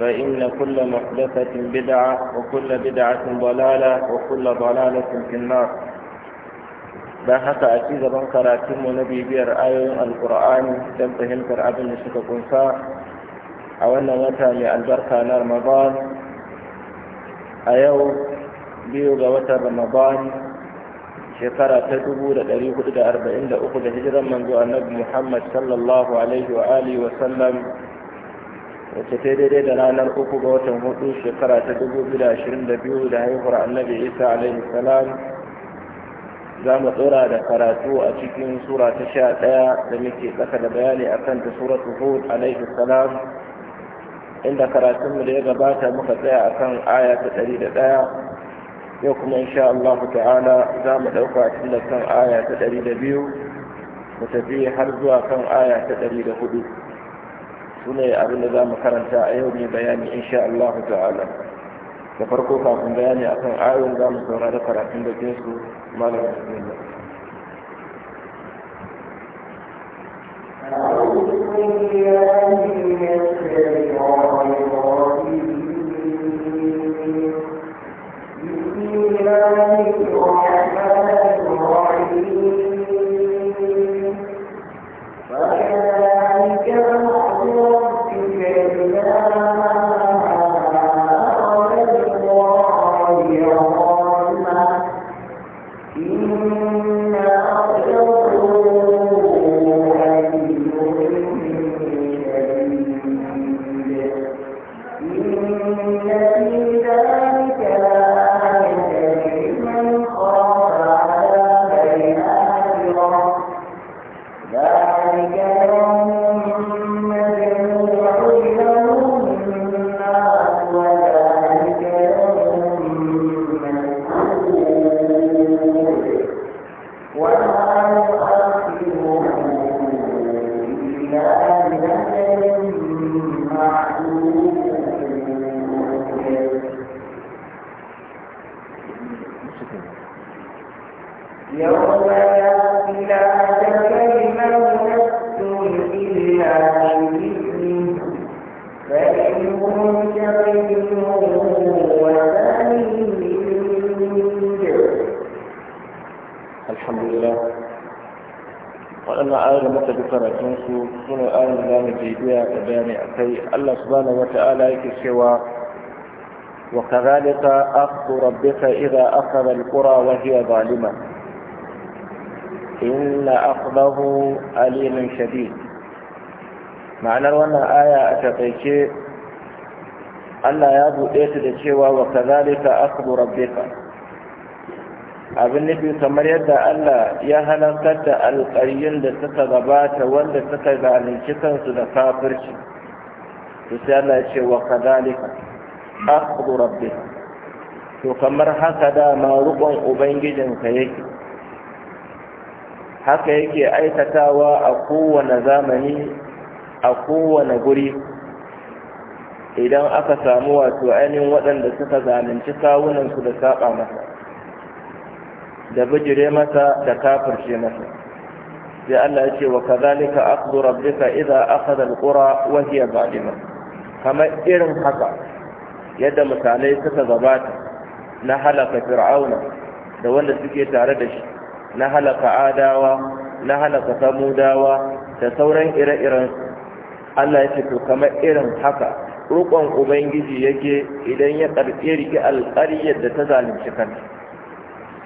فإن كل محدثة بدعة وكل بدعة ضلالة وكل ضلالة في النار da haka a ci gaban karatunmu na bibiyar ayoyin alkur'ani don fahimtar abin da suka kunsa a wannan wata mai albarka na ramadan a yau biyu ga watan ramadan shekara ta dubu da da da hudu arba'in uku hijiran manzo annabi muhammad sallallahu alaihi wa alihi wa sallam wacce ta daidai da ranar uku ga watan hudu shekara ta dubu biyu da ashirin da biyu da haihuwar annabi isa alaihi salam za mu tsora da karatu a cikin sura ta sha ɗaya da muke tsaka da bayani a kan ta suratu hud alaihi salam inda karatunmu da ya gabata muka tsaya a kan aya ta ɗari da ɗaya yau kuma insha Allah ta'ala za mu ɗauka tun da kan aya ta ɗari da biyu mu tafi har zuwa kan aya ta ɗari da hudu sune abin da za mu karanta a yau ne bayani insha Allah ta'ala da farko kafin bayani akan ayoyin za mu da karatun da jinsu malamin bismillah أعوذ Thank you. يوم لا تكلم نفس إلا بإذنه فإنهم شقيوا وسعيد الحمد لله waɗannan ayar da muka bi karatunsu su ne ayar da mu bibiya da bayani a kai allah subhanahu wa ta'ala yake cewa wa kadhalika akhdhu rabbika idha akhadha al-qura wa hiya zalima إن أخذه أليم شديد ma'anar wannan aya a takaice Allah ya buɗe su da cewa wa kazalika akhdhu rabbika abin nufi kamar yadda Allah ya halakar da alƙaryun da suka gabata wanda suka zalunci kansu da kafirci to sai Allah ya ce wa kazalika akhdhu rabbika to kamar haka da ma rubon ubangijinka yake haka yake aikatawa a kowane zamani a kowane guri idan aka samu wato ainihin waɗanda suka zalunci kawunansu da saba masa da bijire masa da kafirce masa sai Allah ya ce wa kazalika akhdhu rabbika idza akhadha alqura wa hiya zalima kamar irin haka yadda misalai suka gabata na halaka fir'auna da wanda suke tare da shi na halaka adawa na halaka samudawa da sauran ire-iren Allah ya ce to kamar irin haka rukon ubangiji yake idan ya karɓe riƙe alƙaryar da ta zalunci kanta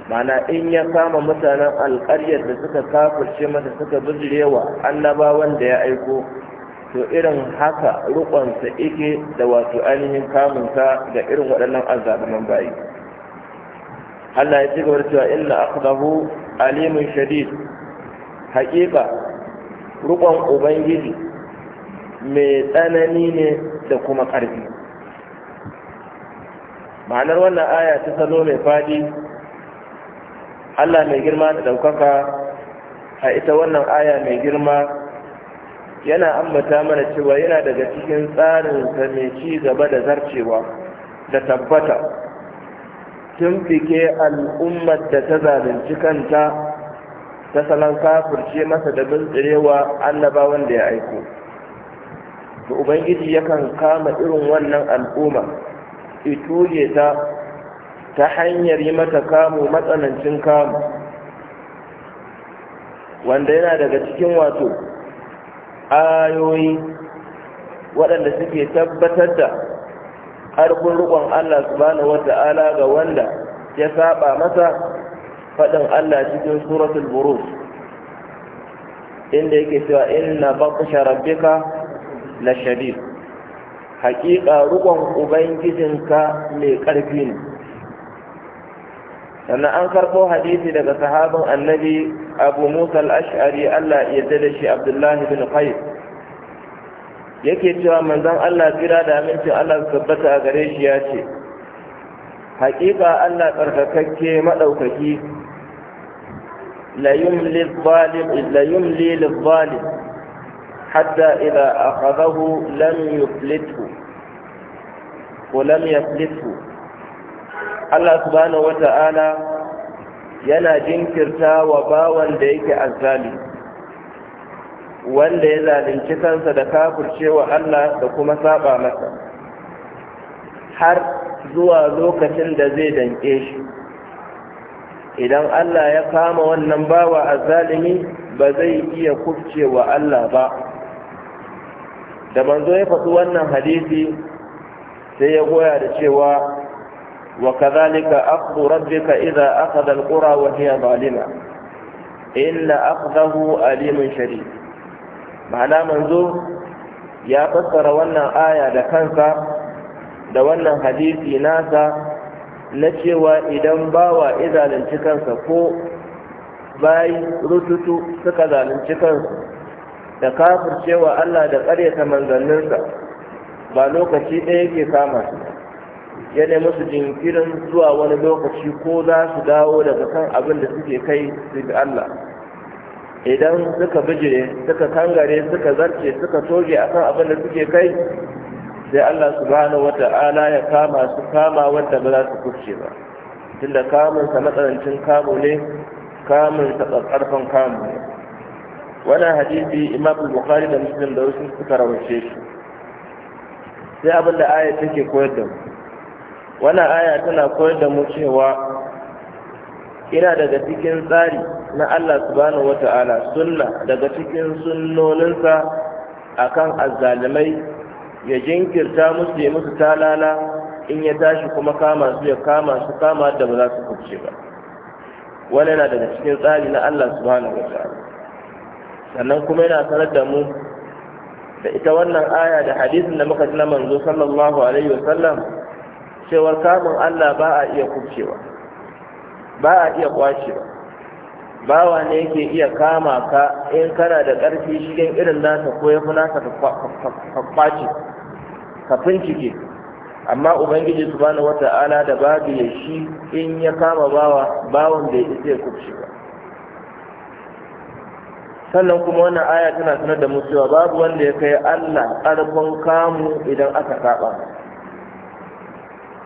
mana in ya kama mutanen alƙaryar da suka kafirce masa suka bijirewa annabawan da ya aiko to irin haka rukonsa ike da wato ainihin kamunsa ga irin waɗannan azzaluman bayi Allah ya ci gaba da cewa inna aqdahu Alimin shadid haƙiƙa rukon ubangiji mai tsanani ne da kuma ƙarfi ma'anar wannan aya ta salo mai faɗi allah mai girma da ɗaukaka a ita wannan aya mai girma yana ambata mana cewa yana daga cikin tsarin mai ci gaba da zarcewa da tabbata tumfike al'ummar da ta zalunci kanta ta salon kafirce masa da bintsirewa annaba wanda ya aiko Da ubangiji yakan kama irin wannan al'umma ituje ta ta hanyar yi mata kamu matsanancin kamu wanda yana daga cikin wato ayoyi waɗanda suke tabbatar da ƙarfin rukun Allah subhanahu wata'ala ga wanda ya saba masa faɗin Allah cikin suratul buruz inda yake cewa inna baqsha rabbika la shadid haƙiƙa rukun ubangijinka mai ƙarfi ne sannan an karɓo hadisi daga sahabin annabi abu musa al-ash'ari Allah ya da shi abdullahi bin qais yake cewa manzon Allah tsira da aminci Allah tabbata a gare shi ya ce haƙiƙa Allah tsarkakakke maɗaukaki la yumli lil-zalim hatta idza akhadahu lam yuflithu ko lam yaflithu Allah subhanahu ta'ala yana jinkirta wa bawan da yake azali. wanda ya zalunci kansa da kafircewa Allah da kuma saba masa har zuwa lokacin da zai danke shi idan Allah ya kama wannan bawa a zalimi ba zai iya kufcewa Allah ba da manzo ya faɗi wannan hadisi sai ya goya da cewa وكذلك أخذ ربك إذا أخذ القرى وهي ظالمة إن أخذه أليم شديد ma'ana manzo ya fassara wannan aya da kansa da wannan hadisi nasa na cewa idan bawa izalunci kansa ko bayi rututu suka zalunci kansu da kafir cewa Allah da ƙaryata manzanninsa ba lokaci ɗaya ke kama su ya nemi su jinkirin zuwa wani lokaci ko za su dawo daga kan abin da suke kai su Allah idan suka bijire suka kangare suka zarce suka toge akan abin da suke kai sai Allah subhanahu wata'ala ya kama su kama wanda ba za su kurce ba tunda kamun sa matsalancin kamo ne kamun sa tsarkarfan kamo ne wannan hadisi Imam Bukhari da Muslim da wasu suka rawace shi sai abin da aya take koyar da mu wannan aya tana koyar da mu cewa ina daga cikin tsari na Allah subhanahu ta'ala sunna daga cikin sunnoninsa akan azzalimai ya jinkirta musu ya musu talala in ya tashi kuma kama su ya kama su kama da ba za su kuce ba wani yana daga cikin tsari na Allah subhanahu ta'ala sannan kuma yana sanar da mu da ita wannan aya da hadisin da muka ji na manzo sallallahu alaihi wasallam cewar kamun Allah ba a iya kubcewa ba a iya kwace ba bawa ne yake iya kama ka in kana da ƙarfi shigen irin nasa ko ya fi nasa ka kwace ka fincike amma ubangiji bani wata'ala da babu ya shi in ya kama bawa bawan bai isa ya kubce ba sannan kuma wannan aya tana sanar da mutuwa, babu wanda ya kai Allah ƙarfin kamu idan aka kaɓa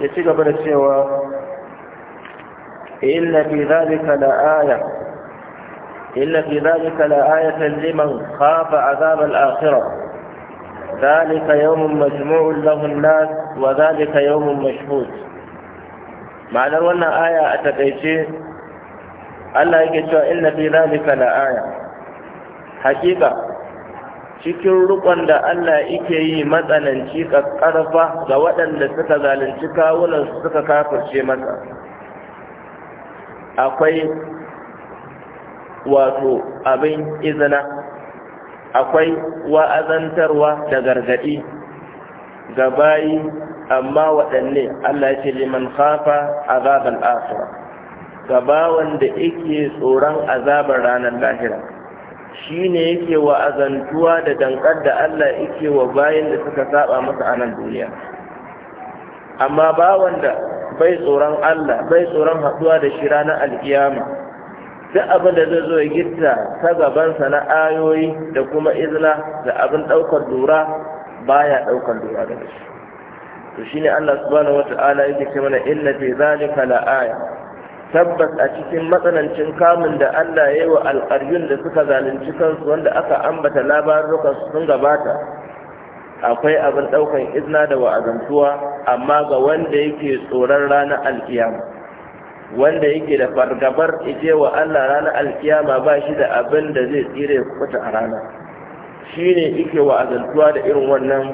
يتيجى بنا سيوا إلا في ذلك لآية ان في ذلك لآية لمن خاف عذاب الآخرة ذلك يوم مجموع له الناس وذلك يوم مشهود مع أن آية أتبعيشي الله يكتوى ان في ذلك لآية حقيقة cikin rukon da Allah yake yi matsananci ƙarfa ga waɗanda suka zalunci kawunan suka kafirce masa akwai wato abin izina akwai wa'azantarwa da gargaɗi ga bayi amma waɗanne Allah ce liman khafa azabar asira ga bawan da yake tsoron azabar ranar lahira shi ne yake wa azantuwa da dankar da Allah yake wa bayan da suka saba masa a nan duniya amma ba wanda bai tsoron Allah bai tsoron haɗuwa da shi ranar alkiyama duk abin da zai zo ya gitta ta gabansa na ayoyi da kuma izina da abin ɗaukar lura baya ɗaukar lura da shi to shine Allah subhanahu wata'ala yake cewa mana inna fi zalika la aya tabbas a cikin matsanancin kamun da Allah ya yi wa alƙaryun da suka zalunci kansu wanda aka ambata labarukan sun gabata akwai abin ɗaukan izna da wa'azantuwa amma ga wanda yake tsoron ranar alkiyama wanda yake da fargabar ije wa Allah ranar alkiyama ba shi da abin da zai tsire kuta a rana shi ne yake wa'azantuwa da irin wannan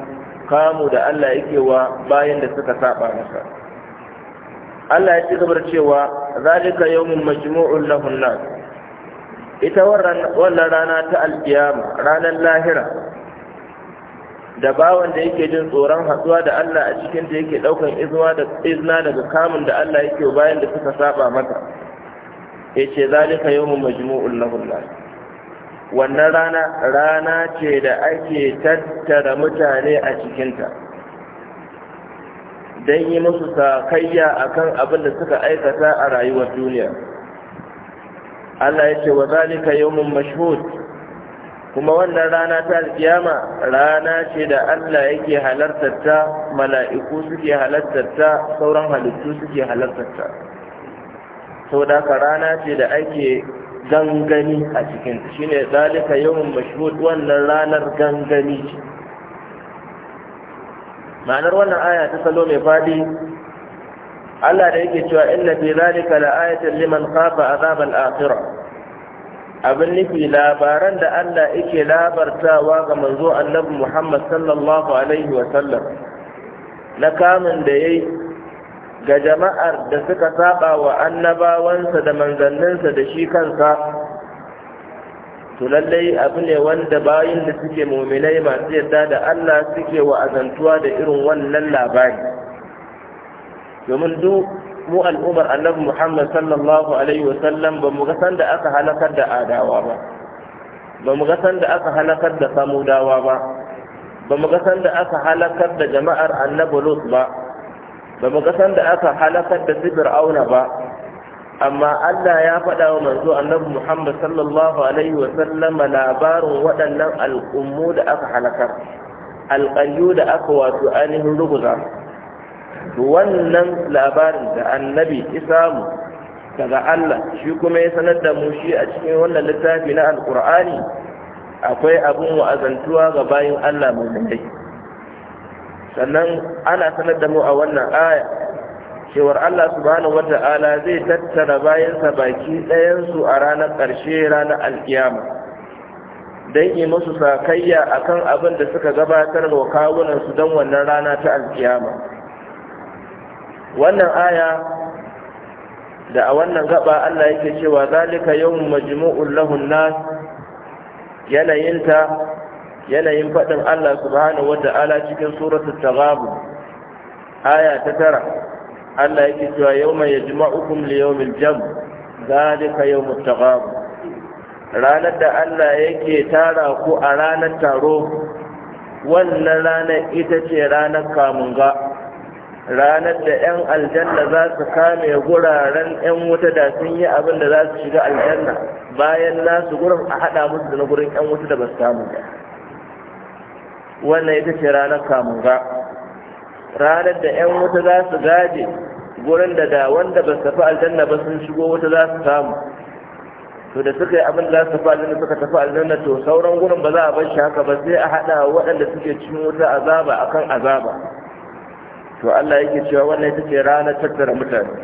kamu da Allah yake wa bayan da suka saba masa. Allah ya ci gaba da cewa zalika yawmun majmu'un lahun nas ita wannan rana ta alkiyama ranar lahira da bawan da yake jin tsoron hatsuwa da Allah a cikin da yake daukan izuwa da izna daga kamun da Allah yake bayan da suka saba mata yace zalika yawmun majmu'un lahun nas wannan rana rana ce da ake tattara mutane a cikinta don yi musu sakayya kan abin da suka aikata a rayuwar duniya Allah ya ce wa zalika yawmun mashhud kuma wannan rana ta alkiyama rana ce da Allah yake halartar ta mala'iku suke halartar sauran halittu suke halartar ta da ka rana ce da ake gangani a cikin shine zalika yawmun mashhud wannan ranar gangani ce ma'anar wannan aya ta salo mai faɗi Allah da yake cewa inna fi zalika la'ayatan liman khafa azabal akhirah abin nufi labaran da Allah yake labartawa ga manzo Annabi Muhammad sallallahu alaihi wa sallam na kamun da yayi ga jama'ar da suka saba wa annabawansa da manzanninsa da shi kansa to abu ne wanda bayan da suke muminai masu yadda da Allah suke wa'azantuwa da irin wannan labari domin duk mu al'ummar annabi Muhammad sallallahu alaihi wasallam ba mu ga san da aka halakar da adawa ba ba mu ga san da aka halakar da samudawa ba ba mu ga san da aka halakar da jama'ar annabi Lut ba ba mu ga san da aka halakar da auna ba amma Allah ya faɗa wa manzo annabi Muhammad sallallahu alaihi wa sallama labarin waɗannan al'ummu da aka halakar alƙayyu da aka wato ainihin ruguza wannan labarin da annabi isamu daga Allah shi kuma ya sanar da mu shi a cikin wannan littafi na alƙur'ani akwai abin wa'azantuwa ga bayin Allah mai sannan ana sanar da mu a wannan aya cewar Allah subhanahu wata'ala zai tattara bayansa baki ɗayansu a ranar ƙarshe ranar alkiyama don yi musu sakayya kan abin da suka gabatar wa kawunansu don wannan rana ta alkiyama wannan aya da a wannan gaba Allah yake cewa zalika yawm majmu'ul lahun nas yanayinta yanayin faɗin Allah subhanahu wata'ala cikin suratul taghabun aya ta tara Allah yake cewa yawma yajma'ukum li yawmil jam zalika yawmut taghabun ranar da Allah yake tara ku a ranar taro wannan ranar ita ce ranar kamunga ranar da 'yan aljanna za su kame guraren 'yan wuta da sun yi abin da za su shiga aljanna bayan su gurin a haɗa musu da na gurin 'yan wuta da ba su samu ba wannan ita ce ranar kamunga ranar da 'yan wuta za su gaje gurin da da wanda ba su tafi aljanna ba sun shigo wuta za su samu to da suka yi abin da za su tafi aljanna suka tafi aljanna to sauran gurin ba za a bar shi haka ba sai a haɗa waɗanda suke cikin wuta azaba akan azaba to Allah yake cewa wannan ita ce ranar tattara mutane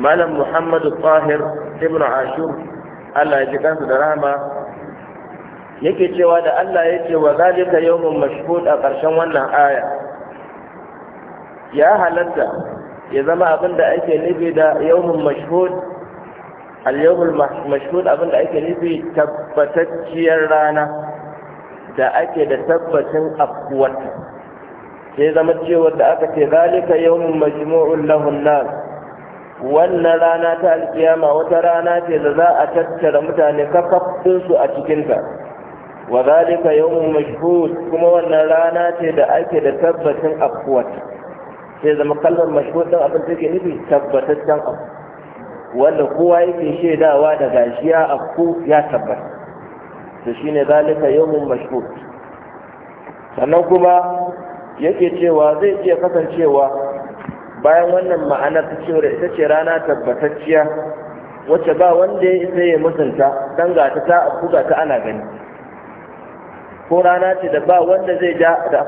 malam muhammadu tahir ibn ashur Allah ya ji kansu da rahama yake cewa da Allah ya wa zalika yawmun mashhud a ƙarshen wannan aya ya halatta ya zama abin da ake nufi da yawon mashhud al-yawon mashhud abin da ake nufi tabbatacciyar rana da ake da tabbacin afkuwata sai zama cewar da aka ce zalika yawon majmu'un lahun nan wannan rana ta alkiyama wata rana ce da za a tattara mutane kafafinsu a cikinta wa zalika yawon mashhud kuma wannan rana ce da ake da tabbacin afkuwata sai zama kalmar mashhur 'dan abin take nufi tabbataccen abu wanda kowa yake shaidawa da gashiya ku ya tabbata to shine zalika yawmun mashhur sannan kuma yake cewa zai iya kasancewa bayan wannan ma'anar ta cewa ita ce rana tabbatacciya wacce ba wanda ya isa ya mutunta dan ga ta ta ta ana gani ko rana ce da ba wanda zai ja da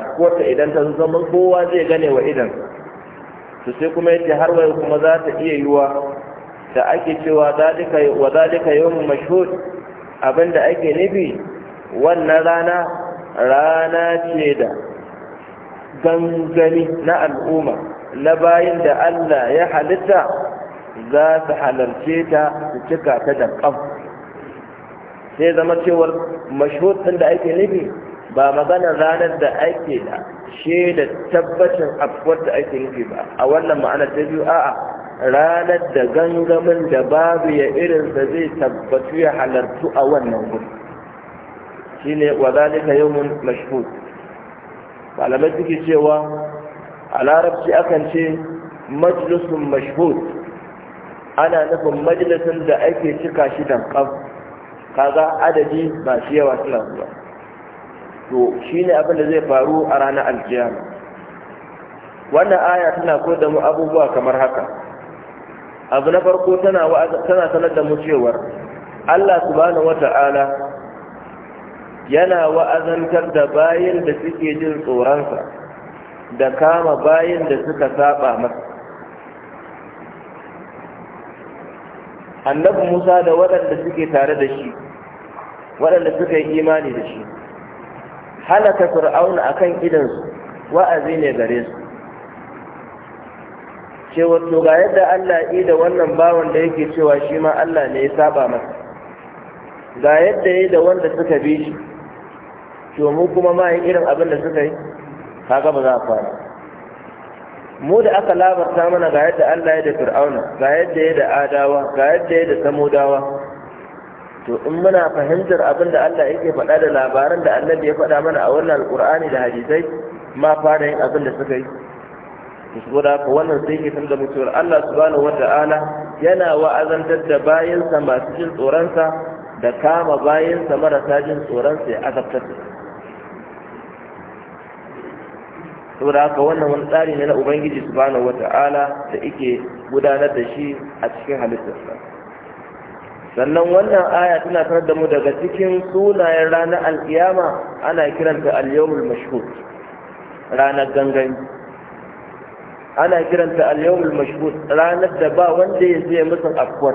afkuwarta idan ta zama kowa zai gane wa idan su sai kuma yace har wayo kuma za ta iya yiwa da ake cewa zalika wa zalika yawmun mashhud abinda ake nufi wannan rana rana ce da gangani na al'umma na bayin da Allah ya halitta za su halarce ta su cika ta da ƙafa sai zama cewar mashhur din da ake nufi ba maganar ranar da ake da da tabbacin afuwar da ake nufi ba a wannan ma'ana ta biyu a'a ranar da gangamin da babu ya irinsa zai tabbatu ya halartu a wannan gudu shi ne wa zalika yawmun mashhud malamai suke cewa a larabci akan ce majlisun mashhud ana nufin majalisun da ake cika shi da kaga adadi ba shi yawa suna zuwa to shine abin da zai faru a ranar aljiyama wannan aya tana koyar da mu abubuwa kamar haka abu na farko tana sanar da mu cewar Allah subhanahu wata'ala yana wa'azantar da bayan da suke jin tsoronsa da kama bayan da suka saba masa annabi musa da waɗanda suke tare da shi waɗanda suka yi imani da shi halaka fir'auna akan idansu wa'azi ne gare su ce wato ga yadda Allah yi da wannan bawan da yake cewa shi ma Allah ne ya saba masa ga yadda yi da wanda suka bi shi to mu kuma ma irin abin da suka yi kaga ba za a fara mu da aka labarta mana ga yadda Allah ya da fir'auna ga yadda ya da adawa ga yadda ya da samudawa to in muna fahimtar abin da Allah yake faɗa da labaran da annabi ya faɗa mana a wannan alƙur'ani da hadisai ma fara yin abin da suka yi to saboda ko wannan sai ke tunda mutuwar Allah subhanahu wata'ala yana wa'azantar da bayansa masu jin tsoronsa da kama bayansa marasa jin tsoronsa ya azabtar da su saboda haka wannan wani tsari ne na ubangiji subhanahu wata'ala da yake gudanar da shi a cikin halittarsa sannan wannan aya tana sanar da mu daga cikin sunayen ranar alkiyama ana kiranta al-yawmul mashhur ranar gangan ana kiranta al-yawmul mashhur ranar da ba wanda ya zai musu afkuwar.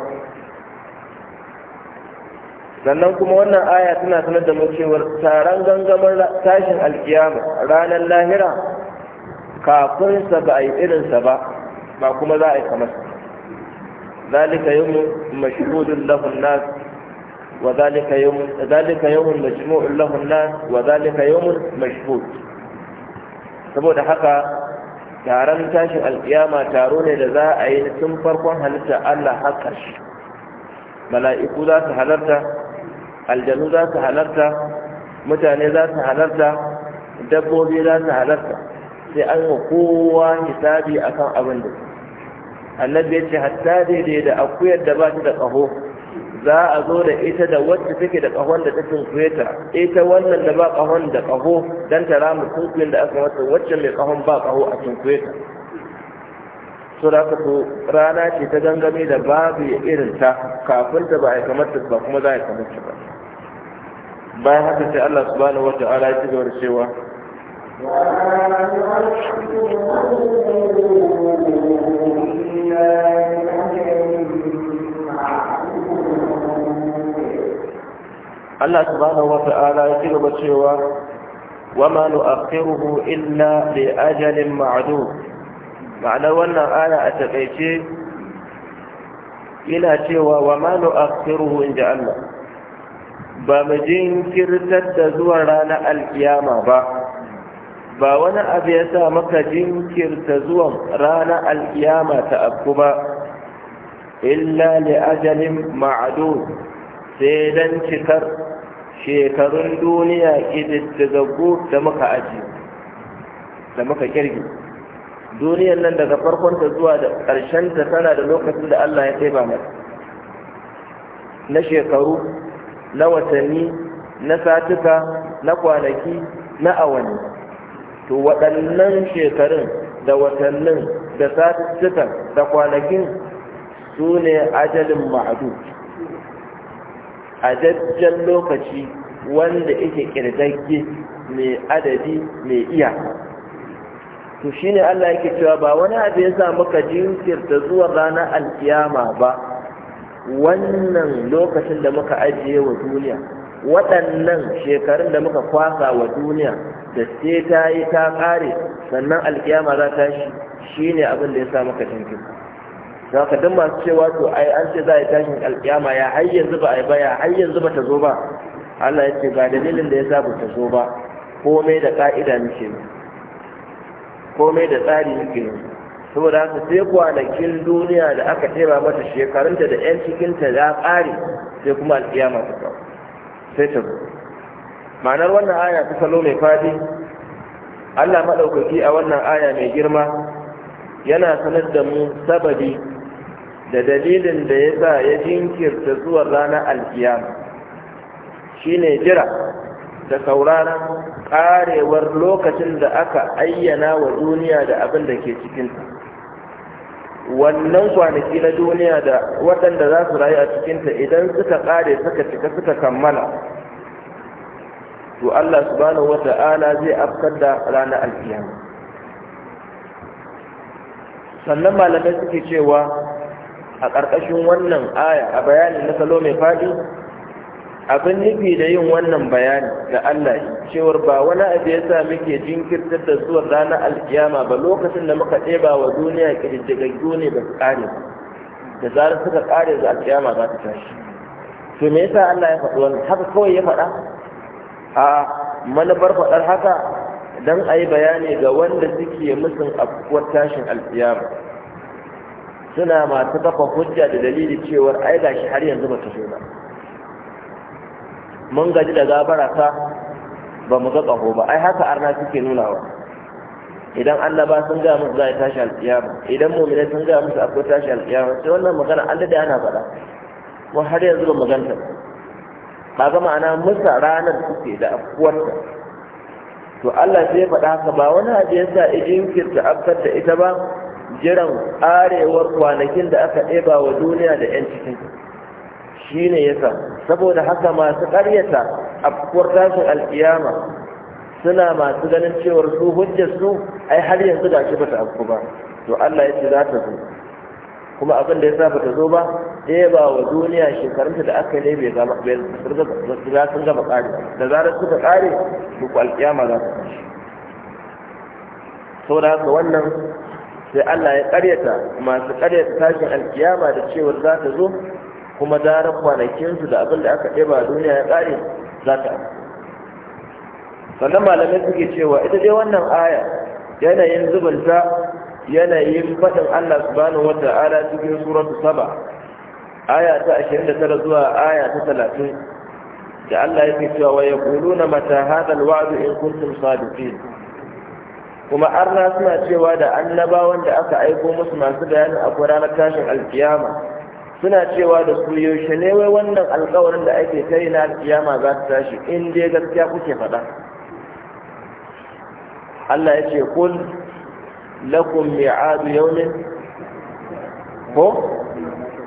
sannan kuma wannan aya tana sanar da mu cewa taron gangamar tashin alkiyama ranar lahira kafinsa ba a yi irinsa ba ba kuma za a yi kamar saboda haka taron tashin alkiyama taro ne da za a yi tun farkon halitta Allah har ƙarshe mala'iku za su halarta aljanu za su halarta mutane za su halarta dabbobi za su halarta sai an wa kowa hisabi akan abin da annabi ya ce hatta daidai da akuyar da ba ta da ƙaho za a zo da ita da wacce take da ƙahon da ta tunkuyeta ita wannan da ba ƙahon da ƙaho don ta ramu tunkuyin da aka wata wacce mai ƙahon ba ƙaho a tunkuyeta so da aka so rana ce ta gangami da babu ya irin ta kafin ta ba a kamata ba kuma za a kamata ba bayan haka sai Allah subhanahu ta'ala ya ci gaba da cewa Allah subhanahu wa ta'ala ya cigaba cewa wa ma nu'akhiruhu illa li ajalin ma'dud ma'ana wannan aya a takeice yana cewa wa ma nu'akhiruhu inda Allah ba mu jinkirtar da zuwa ranar alkiyama ba ba wani abu ya sa maka jinkirta zuwan rana alkiyama ta abu ba illa li ajalin ma'adu sai don cikar shekarun duniya ƙididdigaggu da muka aji da muka kirgi duniyar nan daga farkonta zuwa da ƙarshenta tana da lokacin da allah ya taiba mata na shekaru na watanni na satuka na kwanaki na awanni to waɗannan shekarun da watannin da satuttukan da kwanakin su ne ajalin ma'adu ajajjen lokaci wanda yake ƙirgagge mai adadi mai iya, to shi ne Allah yake cewa ba wani abu ya sa muka jinkirta zuwa ranar alƙiyama ba wannan lokacin da muka ajiye wa duniya waɗannan shekarun da muka kwasa wa duniya da sai ta yi ta ƙare sannan alkiyama za ta shi shi ne abin da ya sa maka jinkin za ka dun masu cewa to ai an ce za a yi tashin alkiyama ya har yanzu ba a yi ba ya har yanzu ba ta zo ba Allah ya ce ga dalilin da ya sa ba ta zo ba komai da ƙa'ida muke komai da tsari muke saboda haka sai kwanakin duniya da aka tera mata shekarunta da 'yan cikinta ya ƙare sai kuma alkiyama ta kawo sai ta ma'anar wannan aya ta salo mai fadi Allah maɗaukaki a wannan aya mai girma yana sanar da mu sababi da dalilin da ya sa ya jinkirta zuwan ranar alkiyama shine jira da sauraron ƙarewar lokacin da aka ayyana wa duniya da abin da ke cikinta wannan kwanaki na duniya da waɗanda za su rayu a cikinta idan suka ƙare suka cika suka kammala to Allah subhanahu wa ta'ala zai afkar da ranar alkiyama sannan malamai suke cewa a ƙarƙashin wannan aya a bayanin na salo mai faɗi abin nufi da yin wannan bayani da Allah cewar ba wani abu ya sa muke jinkirtar da zuwa ranar alkiyama ba lokacin da muka ɗeba wa duniya ƙididdigaggu ne ba su ƙare da zarar suka ƙare da alkiyama za ta tashi to me yasa Allah ya faɗi wannan haka kawai ya faɗa a manufar faɗar haka don a yi bayani ga wanda suke musun afkuwar tashin alkiyama suna masu kafa hujja da dalili cewar ai gashi har yanzu ba ta zo ba mun gaji da gabara ta ba mu ga ƙaho ba ai haka arna suke nunawa idan annaba sun ga musu za a tashi alƙiyama idan mummina sun ga musu akwai tashi alƙiyama sai wannan magana an da ana faɗa mu har yanzu ba maganta ba ga ma'ana musa ranar suke da afuwarta to Allah sai ya faɗa haka ba wani abu ya sa kirta afkar da ita ba jiran arewar kwanakin da aka ɗeba wa duniya da 'yan cikin Shi ne ya sa saboda haka masu karyata afkuwar tashin alkiyama suna masu ganin cewar su hujjar su ai har yanzu da shi bata afku ba to Allah ya ce za ta zo kuma abin da ya sa bata zo ba ɗaya ba wa duniya shekarunta da aka ne bai zama bai za sun gama ƙare da zarar suka ƙare su ku alkiyama za ta tashi saboda haka wannan sai Allah ya karyata masu karyata tashin alkiyama da cewar za ta zo kuma zarar kwanakinsu da abin da aka ɗeba duniya ya ƙare za ta sannan malamai suke cewa ita dai wannan aya yanayin zubinta yanayin faɗin allah subhanahu wa ta'ala cikin suratu saba aya ta ashirin da tara zuwa aya ta talatin da allah yake cewa wa ya na mata haɗar wa'azu in kuntum sadiqin kuma arna suna cewa da annabawan da aka aiko musu masu bayanin akwai ranar tashin alkiyama suna cewa da su yaushe ne wai wannan alkawarin da ake kai na kiyama za ta tashi in dai gaskiya kuke faɗa Allah ya ce kun lakum mi'adu yawmin ko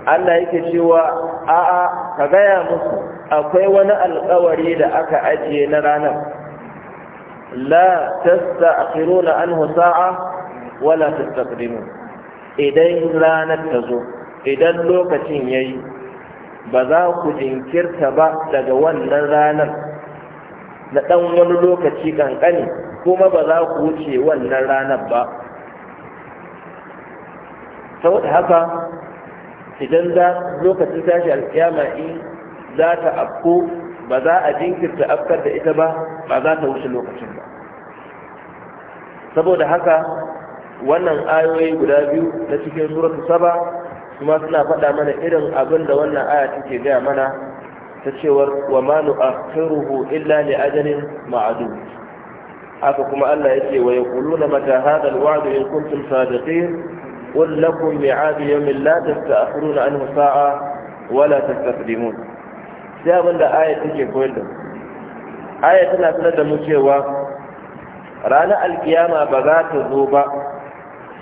Allah yake cewa a'a ka gaya musu akwai wani alkawari da aka ajiye na ranar la tasta'khiruna anhu sa'a wala tastaqdimu idan ranar ta zo idan lokacin ya yi ba za ku jinkirta ba daga wannan ranar na ɗan wani lokaci ƙanƙani kuma ba za ku wuce wannan ranar ba saboda haka idan za lokacin tashi alƙiyama in za ta afko ba za a jinkirta afkar da ita ba ba za ta wuce lokacin ba saboda haka wannan ayoyi guda biyu na cikin suratu saba kuma suna faɗa mana irin abin da wannan aya take gaya mana ta cewar wa ma nu'akhiruhu illa li ajalin ma'dud haka kuma Allah yake wa yaquluna mata hadha al-wa'd in kuntum sadiqin qul lakum mi'ad yawmin la tasta'khiruna anhu sa'a wa la tastaqdimun sai abinda da aya take koyar da aya tana sanar da mu cewa ranar alkiyama ba za ta zo ba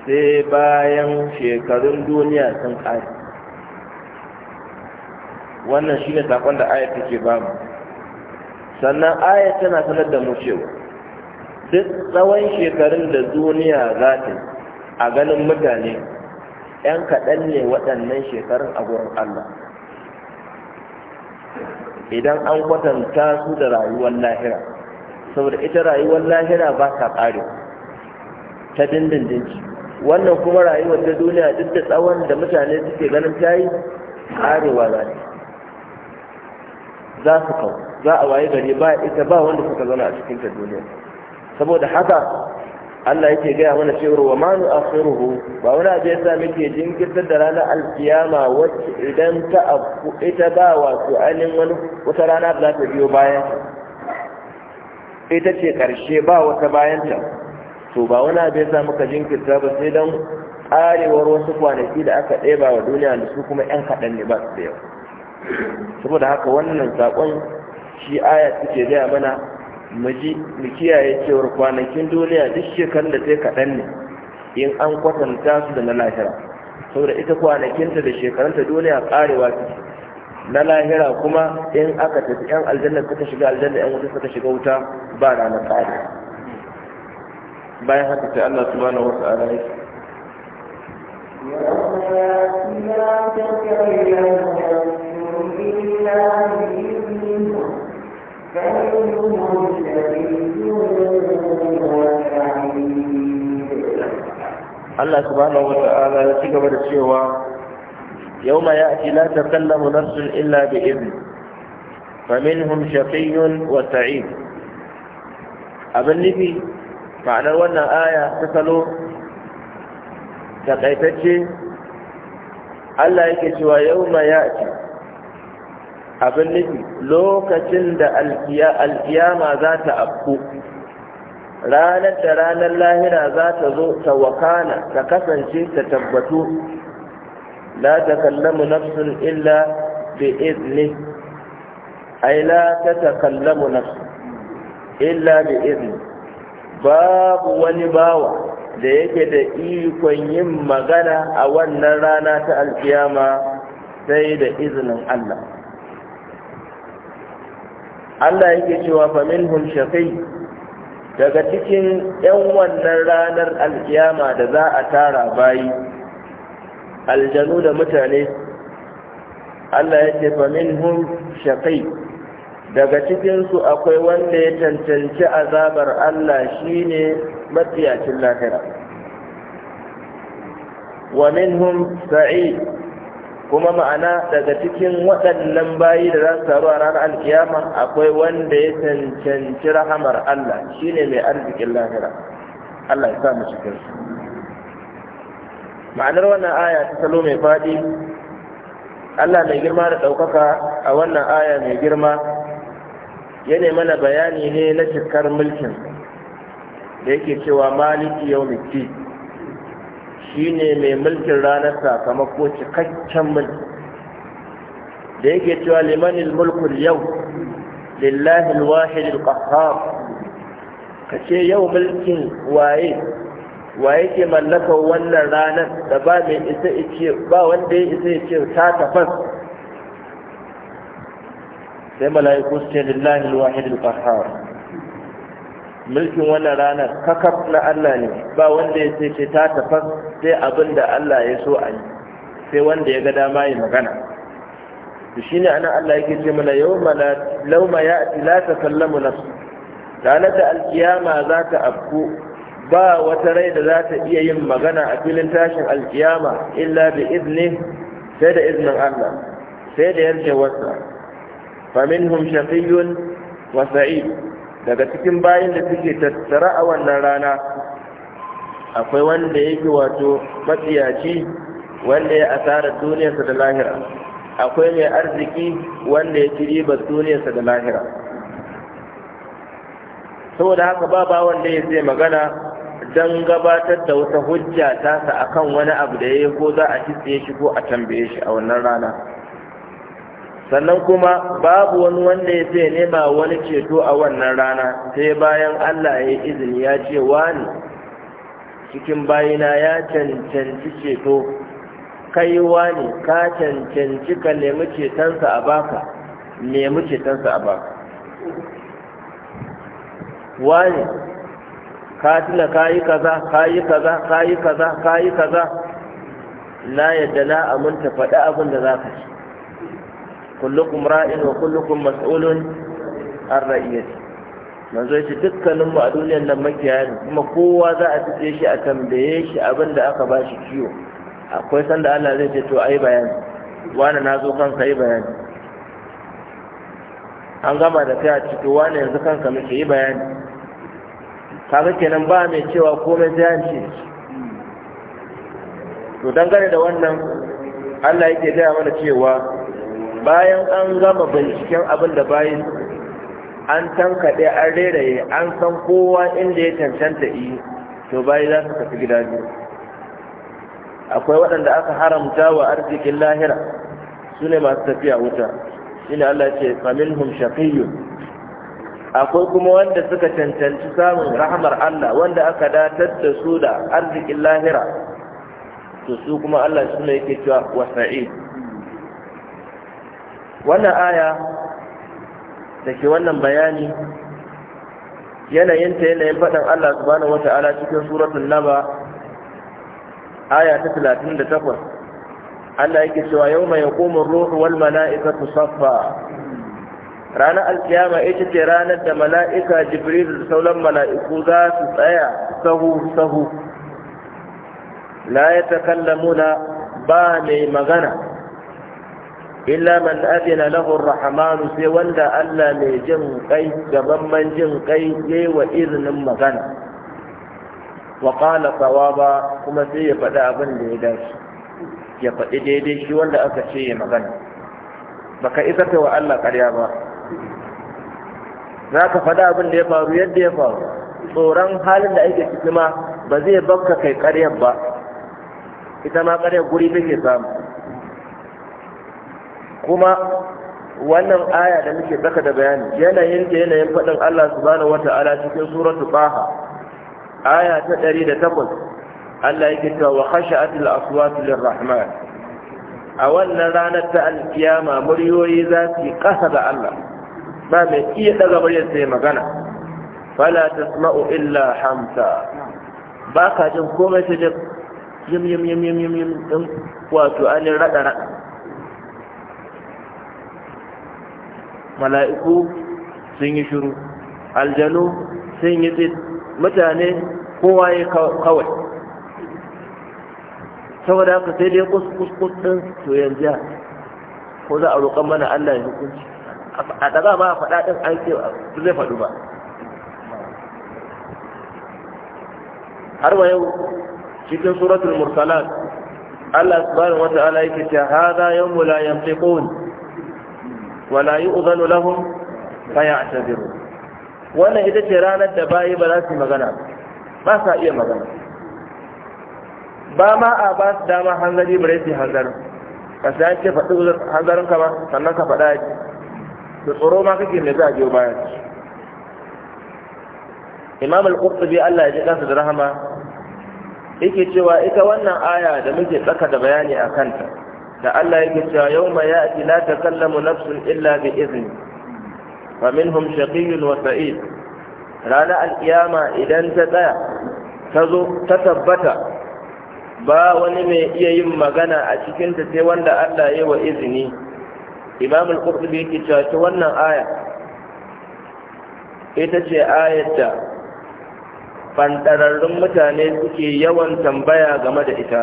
sai bayan shekarun duniya sun kare. wannan shine sakon da ayat take mu sannan ayat tana sanar da mu duk tsawon shekarun da duniya za ta a ganin mutane 'yan kaɗan ne waɗannan shekarun a gurin Allah idan an kwatanta su da rayuwar lahira saboda ita rayuwar lahira ba ta ƙare ta dindindinci wannan kuma rayuwar ta duniya duk da tsawon da mutane suke ganin ta yi karewa za ne za su kawo za a waye gari ba ita ba wanda suka zauna a cikin ta duniya saboda haka Allah yake gaya mana cewar wa manu akhiruhu ba wani abu yasa muke jinkirtar da ranar alkiyama wacce idan ta abu ita ba wato ainihin wani wata rana za ta biyo bayan ita ce karshe ba wata bayanta to ba wani abu ya samu kajin jinkirta ba sai don tsarewar wasu kwanaki da aka ɗeba wa duniya da su kuma 'yan kaɗan ne ba su da yau? saboda haka wannan saƙon shi aya suke zai mana mu mu kiyaye cewar kwanakin duniya duk shekarun da sai kaɗan ne in an kwatanta su da na lahira saboda ita kwanakinta da shekarunta duniya ƙarewa su na lahira kuma in aka tafi 'yan aljanna suka shiga aljanna 'yan wuta suka shiga wuta ba ranar ƙarewa bayan haka sai Allah subhanahu wata'ala ya Allah subhanahu wata'ala ya ci gaba da cewa yau ma ya ake la takallamu nafsun illa bi izni faminhum shaqiyyun wa sa'id abin nufi ma'anar wannan aya ta salo takaitacce Allah yake cewa yau ma ya ce abin nufi lokacin da alkiyama za ta afku ranar da ranar lahira za ta zo ta wakana ta kasance ta tabbatu la ta kallamu nafsun illa bi izini ai la ta kallamu nafsun illa bi izini babu wani bawa da yake da ikon yin magana a wannan rana ta alkiyama sai da izinin Allah Allah yake cewa famin shaqi daga cikin 'yan wannan ranar alkiyama da za a tara bayi aljanu da mutane Allah yake famin shaqi daga cikinsu akwai wanda ya cancanci azabar Allah shine matsiyacin lahira wa minhum sa'id kuma ma'ana daga cikin waɗannan bayi da za su taru a ranar alkiyama akwai wanda ya cancanci rahamar Allah shine mai arzikin lahira Allah ya sa mu cikin su ma'anar wannan aya ta salo mai faɗi Allah mai girma da ɗaukaka a wannan aya mai girma yana mana bayani ne na cikar mulkin da yake cewa maliki yau miki shi ne mai mulkin ranar sakamako cikakken mulki da yake cewa limanin mulkul yau lillahi alwahid Ka kace yau mulkin waye waye ke mallakar wannan ranar da ba mai isa ba wanda ya isa ya ce ta tafas sai mala'iku su ce lillahi alwahid alqahhar mulkin wannan ranar kakaf na Allah ne ba wanda ya ce ce ta tafas sai abin da Allah ya so a yi sai wanda ya ga dama yi magana to shine anan Allah yake ce mana yawma la lauma ya'ti la takallamu nafs ranar da alkiyama za ta afku ba wata rai da za ta iya yin magana a filin tashin alkiyama illa bi idni sai da iznin Allah sai da yarjewarsa faminhum shaqiyyun wa sa'id daga cikin bayin da suke tattara a wannan rana akwai wanda yake wato matsiyaci wanda ya asara duniyarsa da lahira akwai mai arziki wanda ya ci ribar duniyarsa da lahira saboda haka ba ba wanda ya zai magana don gabatar da wata hujja tasa akan wani abu da ya yi ko za a kitse shi ko a tambaye shi a wannan rana sannan kuma babu wani wanda ya ce nema wani ceto a wannan rana sai bayan Allah ya yi izini ya ce wani cikin bayina ya cancanci ceto kai wani ka cancanci ka nemi cetonsa a baka nemi cetonsa a baka wani ka tuna kayi kaza kayi kaza kayi kaza kayi kaza na yadda na aminta faɗi abin da za ka ci kullukum ra'in wa kullukum mas'ulun an ra'iyati zai yace dukkanin mu a duniyar nan makiyaya ne kuma kowa za a tsaye shi a tambaye shi abin da aka ba shi kiwo akwai sanda Allah zai ce to ai bayan. wani na zo kanka yi bayani an gama da kai a ciki wani yanzu kanka muke yi bayani kaga kenan ba mai cewa komai sai an ce to dangane da wannan Allah yake gaya mana cewa bayan an gama binciken abin da bayan an tankaɗe an reraye an san kowa inda ya cancanta yi to bayi za su tafi gida biyu akwai waɗanda aka haramta wa arzikin lahira su ne masu tafiya wuta shi ne Allah ce faminhum shaqiyyun akwai kuma wanda suka cancanci samun rahamar Allah wanda aka datar da su da arzikin lahira to su kuma Allah su ne yake cewa wasa'id wannan aya da ke wannan bayani yanayinta yanayin faɗin Allah subhanahu wa ta'ala cikin suratul naba aya ta 38 Allah yake cewa yawma yaqumu ar-ruhu wal mala'ikatu saffa ranar alkiyama ita ce ranar da mala'ika jibril da sauran mala'iku za su tsaya sahu-sahu la ya takallamuna ba mai magana illa man adina lahu rahmanu sai wanda Allah mai jin kai gabanman jin kai yayi wa izinin magana wa qala sawaba kuma sai ya faɗi abin da ya dace ya faɗi daidai shi wanda aka ce ya magana baka isa kai wa Allah ƙarya ba za ka faɗi abin da ya faru yadda ya faru tsoron halin da ake ciki ma ba zai bakka kai ƙaryar ba ita ma ƙaryar guri take samu kuma wannan aya da muke tsaka da bayani yanayin da yanayin faɗin Allah subhanahu wata'ala cikin suratul baha aya ta 108 Allah yake cewa wa khasha'atil aswatu lirrahman a wannan ranar ta alkiyama muryoyi za su yi ƙasa ga Allah ba mai iya daga muryar sai magana fala tasma'u illa hamsa ba ka jin komai sai jin yim yim yim yim yim wato an raɗa-raɗa. mala'iku sun yi shiru aljanu sun yi tsit mutane kowa ya kawai saboda haka sai dai kuskus ɗin to yanzu ko za a roƙon mana Allah ya hukunci a ɗaga ba a faɗa ɗin an ce zai faɗu ba har wa yau cikin suratul mursalat Allah bari wata ala yake ce hada yawmu la yanfiqun wala yu'zanu lahum fayataziru wannan ita ce ranar da bayi ba za su magana ba sa iya magana ba ma a ba su dama hanzari bare su hanzarin ka sai ce faɗi hanzarin ka ba sannan ka faɗa yaki da tsoro ma kake mai za a biyo bayan imam al-qurtubi Allah ya ji kansa da rahama yake cewa ita wannan aya da muke tsaka da bayani a kanta da Allah yake cewa ya ake la kallamu nafsun illa bi izini. fa minhum shaqiyun wa sa'id ranar alkiyama idan ta tsaya ta zo ta tabbata ba wani mai iya yin magana a cikin ta sai wanda Allah ya wa izini imam al-qurtubi yake cewa ta wannan aya ita ce ayar da fantararrun mutane suke yawan tambaya game da ita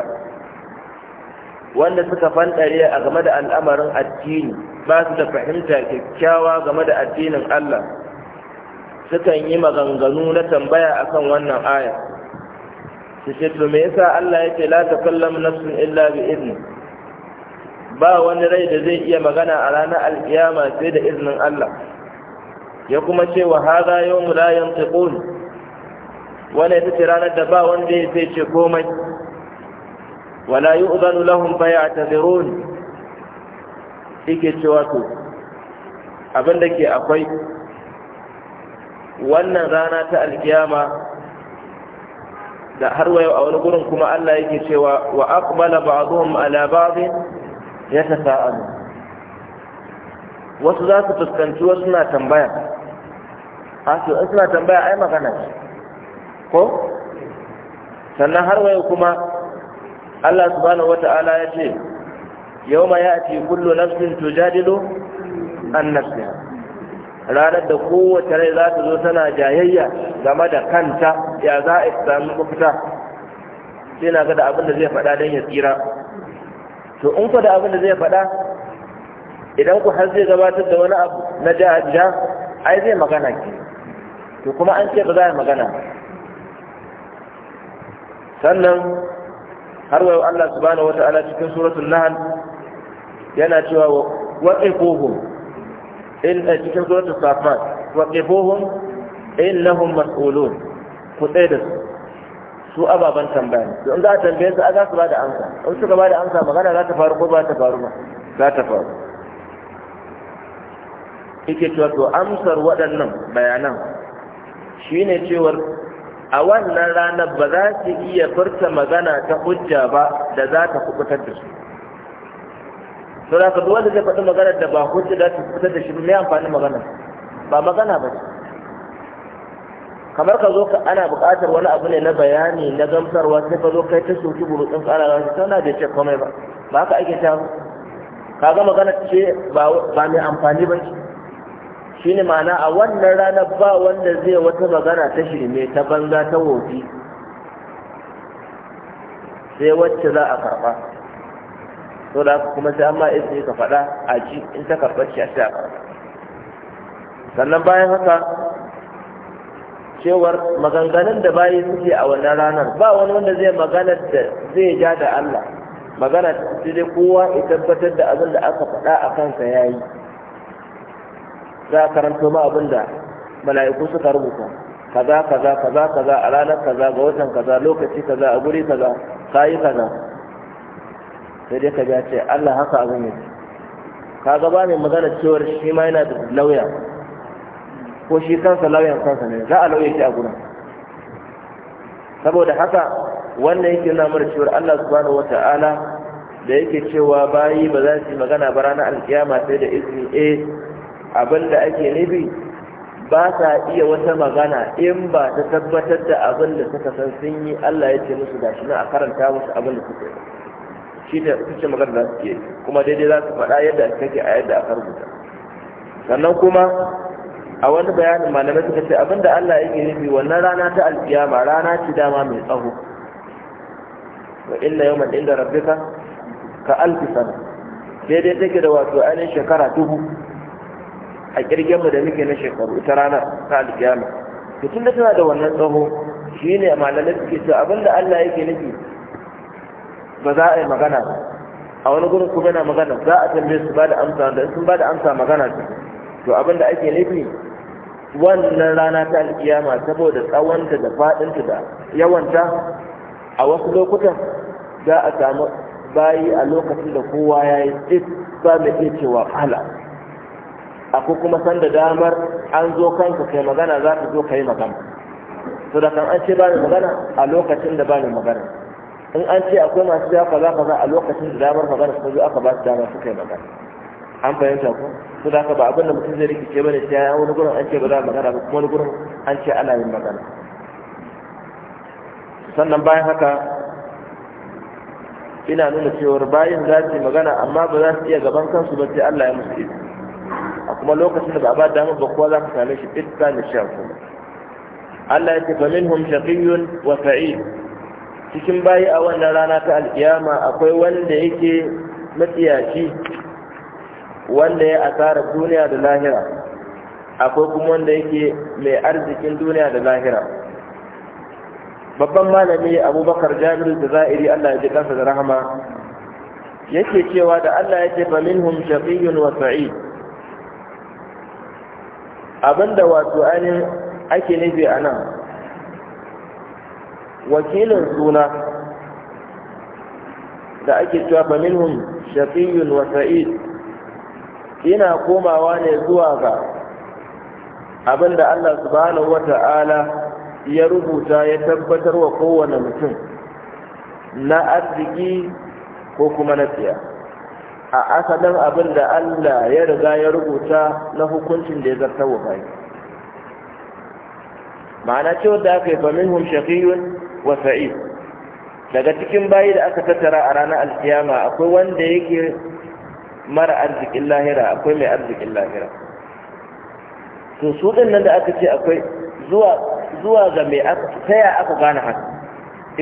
wanda suka fandare a game da al'amarin addini ba su da fahimta kyakkyawa game da addinin Allah sukan yi maganganu na tambaya akan wannan aya su ce me yasa Allah yake la kallam nafsun illa bi izni ba wani rai da zai iya magana a ranar alkiyama sai da iznin Allah ya kuma ce wa hadha yawm la yantiqun Wani ita ce ranar da ba wanda ya sai ce komai wala يؤذن لهم فيعتذرون yake cewa to abin da ke akwai wannan rana ta alkiyama da har wayo a wani gurin kuma Allah yake cewa wa aqbala ba'dhum ala ba'dhin yatasaalu wasu za su fuskanci wasu na tambaya a to suna tambaya ai magana ko sannan har wayo kuma Allah subhanahu wata'ala ya ce yawma ya'ti kullu nafsin tujadilu an nafsiha ranar da kowace rai za ta zo tana jayayya game da kanta ya za a sami mafita sai na ga da abin da zai faɗa don ya tsira to in ku da abin da zai faɗa idan ku har zai gabatar da wani abu na ja ai zai magana ke to kuma an ce ba za a magana sannan har wayo Allah subhanahu wata'ala cikin suratul nahl yana cewa waqifuhum in eh, cikin suratul safat waqifuhum innahum mas'ulun ku tsaye da su su ababen tambaya don za a tambaye su a za su ba da amsa in suka ba da amsa magana za ta faru ko ba ta faru ba za ta faru yake cewa to amsar waɗannan bayanan shine cewar a wannan ranar ba za su iya furta magana ta hujja ba da za ta kubutar da su to da ka wanda zai faɗi maganar da ba hujja za ta kubutar da shi mai amfani magana ba magana ba kamar ka zo ka ana buƙatar wani abu ne na bayani na gamsarwa sai ka zo kai ta soki burutsun ƙararra shi tana da ce komai ba ba ka ake ta ka ga magana ce ba mai amfani ba ce shine ma'ana a wannan ranar ba wanda zai wata magana ta shirme ta banga ta wofi sai wacce za a karɓa to da kuma sai amma izini ka faɗa a ci in ta karɓar shi a sai a karɓa sannan bayan haka cewar maganganun da bayi suke a wannan ranar ba wani wanda zai magana da zai ja da Allah magana sai dai kowa ya tabbatar da abin da aka faɗa a kansa yayi za a karanto ma abin da mala'iku suka rubuta kaza kaza kaza kaza a ranar kaza ga watan kaza lokaci kaza a guri kaza kayi kaza sai dai ka ce Allah haka abin yake ka gaba ne magana cewar shi ma yana da lauya ko shi kansa lauyan kansa ne za a lauye shi a gurin saboda haka wannan yake nuna mana cewar Allah subhanahu wata'ala da yake cewa bayi ba za su yi magana ba ranar alkiyama sai da izini eh abinda ake nufi ba sa iya wata magana in ba ta tabbatar da abin da suka san sun yi Allah ya ce musu gashi na a karanta musu abin da suka yi shi ne su ce magana da suke kuma daidai za su faɗa yadda kake a yadda aka rubuta sannan kuma a wani bayanin malamai suka ce abinda Allah yake nufi wannan rana ta alkiyama rana ce dama mai tsaho wa illa yawman inda rabbika ka alfi sana daidai take da wato ainihin shekara dubu a kirgen mu da muke na shekaru ita rana ta alkiyama to tun da tana da wannan tsaho a malamai suke cewa abinda Allah yake nufi ba za a yi magana ba. a wani gurin kuma yana magana za a tambaye su ba da amsa da sun ba da amsa magana su to abinda ake nufi wannan rana ta alkiyama saboda tsawonta da faɗinta da yawanta a wasu lokutan za a samu bayi a lokacin da kowa ya yi tsit ba mai iya cewa ala akwai kuma sanda damar an zo kanka kai magana za ka zo ka yi magana to da kan an ce ba magana a lokacin da ba magana in an ce akwai masu ya kaza kaza a lokacin da damar magana suka zo aka ba su dama su kai magana an fahimta ko to da ka ba abin da mutum zai rikice bane sai ya wani gurin an ce ba za a magana ba kuma wani gurin an ce ana yin magana sannan bayan haka ina nuna cewar bayan za su yi magana amma ba za su iya gaban kansu ba sai Allah ya musu izini kuma lokacin da ba ba damar ba kowa za ka same shi fitta da shan Allah ya ce fa minhum shaqiyyun wa sa'id cikin bayi a wannan rana ta alkiyama akwai wanda yake matsiyaci wanda ya asara duniya da lahira akwai kuma wanda yake mai arzikin duniya da lahira babban malami abubakar jami'ar da za'iri allah ya ji kansa da rahama yake cewa da allah ya ce minhum shaqiyyun wa sa'id abinda wato ainihin ake nufi a nan wakilin suna da ake cewa minhum shafiyun wa sa'id yana komawa ne zuwa ga abinda Allah subhanahu Ta'ala ya rubuta ya tabbatar wa kowane mutum na arziki ko kuma na tsiya a asalin abin da Allah ya riga ya rubuta na hukuncin da ya zarta wa bai ma'ana cewa da aka yi famin hum shaqiyun wa sa'id daga cikin bayi da aka tattara a ranar alkiyama akwai wanda yake mara arzikin lahira akwai mai arzikin lahira to su din nan da aka ce akwai zuwa zuwa ga mai aka taya aka gane haka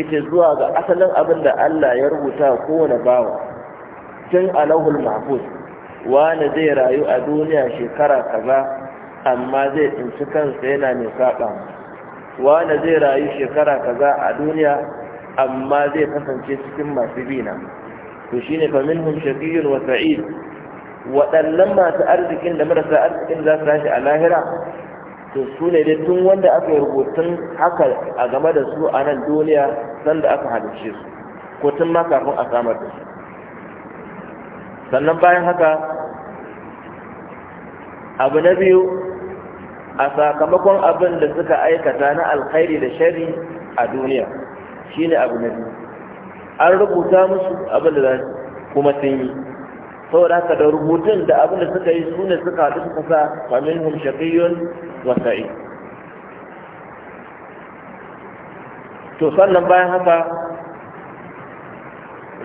ita zuwa ga asalin abin da Allah ya rubuta kowane bawa tun a lauhul mahfuz wani zai rayu a duniya shekara kaza amma zai tsinci kansa yana mai saɓa? wani zai rayu shekara kaza a duniya amma zai kasance cikin masu bina to shine famin hun wa sa'id waɗannan masu arzikin da marasa arzikin za su rashi a lahira to su ne dai tun wanda aka yi rubutun haka a game da su a nan duniya sanda aka halarci su ko tun ma kafin a samar da su sannan bayan haka abu na biyu a sakamakon abin da suka aikata na alkhairi da shari a duniya shine abu na biyu an rubuta musu abin da kuma sun yi saboda haka da rubutun da abin da suka yi su ne suka haɗu suka sa famin hum wasa'i to sannan bayan haka